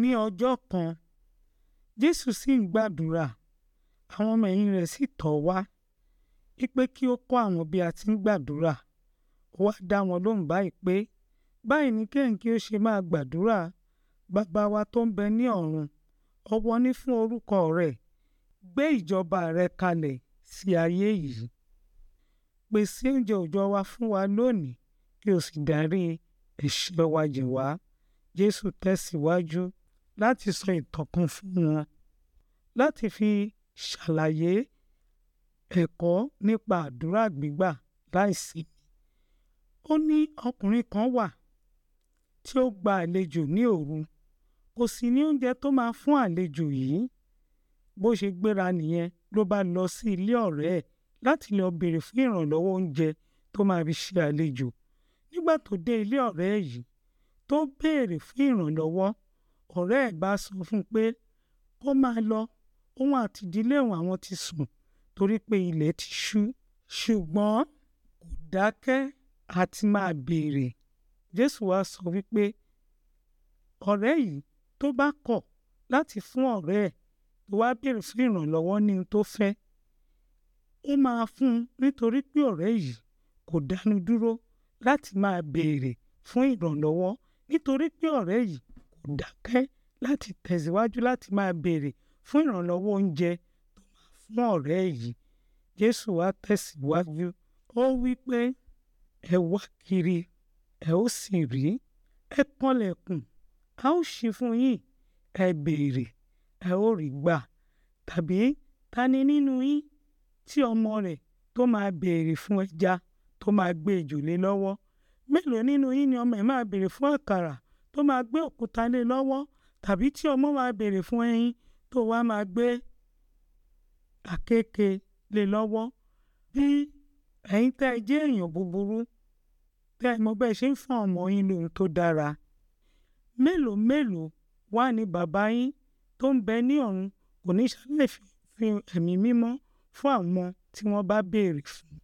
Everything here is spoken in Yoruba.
ní ọjọ́ kan jésù sì ń gbàdúrà àwọn ọmọ ẹ̀yìn rẹ̀ sì tọ̀ ọ́ wá pé kí ó kọ́ àwọn bí a ti ń gbàdúrà ó wá dá wọn lóhùn báyìí pé báyìí ní kẹ́hìn kí ó ṣe máa gbàdúrà bàbá wa tó ń bẹ ní ọ̀run ọwọ́ ní fún orúkọ rẹ̀ gbé ìjọba rẹ̀ kalẹ̀ sí ayé yìí pèsè oúnjẹ òòjọ́ wa fún wa lónìí kí o sì dárí ẹ̀ṣẹ̀ wa jì wá jésù tẹ̀síwájú láti sọ ìtàn kan fún wọn láti fi ṣàlàyé ẹ̀kọ́ nípa àdúrà gbígbà láìsinmi ó ní ọkùnrin kan wà tí ó gba àlejò ní òru kò sì ní oúnjẹ tó máa fún àlejò yìí bó ṣe gbéra nìyẹn ló bá lọ sí ilé ọ̀rẹ́ ẹ̀ láti lọ béèrè fún ìrànlọ́wọ́ oúnjẹ tó máa fi ṣe àlejò nígbà tó dé ilé ọ̀rẹ́ yìí tó béèrè fún ìrànlọ́wọ́ ọ̀rẹ́ ẹ̀ bá sọ fún un pé kó máa lọ òun àti ìdílé àwọn ti sùn torí pé ilẹ̀ ti ṣú ṣùgbọ́n kò dákẹ́ àti máa béèrè jésù wá sọ wípé ọ̀rẹ́ yìí tó bá kọ̀ láti fún ọ̀rẹ́ ẹ̀ tó wá béèrè fún ìrànlọ́wọ́ ní tó fẹ́ ó máa fún un nítorí pé ọ̀rẹ́ yìí kò dánu dúró láti máa béèrè fún ìrànlọ́wọ́ nítorí pé ọ̀rẹ́ yìí dákẹ́ láti tẹ̀síwájú láti máa béèrè fún ìrànlọ́wọ́ oúnjẹ tó máa fún ọ̀rẹ́ yìí Jesuà tẹ̀síwájú, ó wí pé "Ẹ wá kiri, ẹ ó sì rí; ẹ kanlẹ̀kùn, a ó ṣí fún yín; ẹ béèrè, ẹ ó rí gbà" tàbí ta ni nínú yín tí ọmọ rẹ̀ tó máa béèrè fún ẹja tó máa gbé ejò lọ́wọ́? Mélòó nínú yín ni ọmọ ẹ̀ máa béèrè fún àkàrà tó máa gbé òkúta lé e lọ́wọ́ tàbí tí ọmọ máa béèrè fún ẹyin tó wá máa gbé àkekèé lé e lọ́wọ́ bí ẹ̀yin tẹ́ ẹ jẹ́ èèyàn búburú tẹ́ ẹ mọ bẹ́ẹ̀ ṣe ń fún ọmọ yín lóhun tó dára mélòó mélòó wá ní bàbá yín tó ń bẹ ní ọ̀run kò ní ṣàlàyé fi ẹ̀mí mímọ́ fún àwọn tí wọ́n bá béèrè fún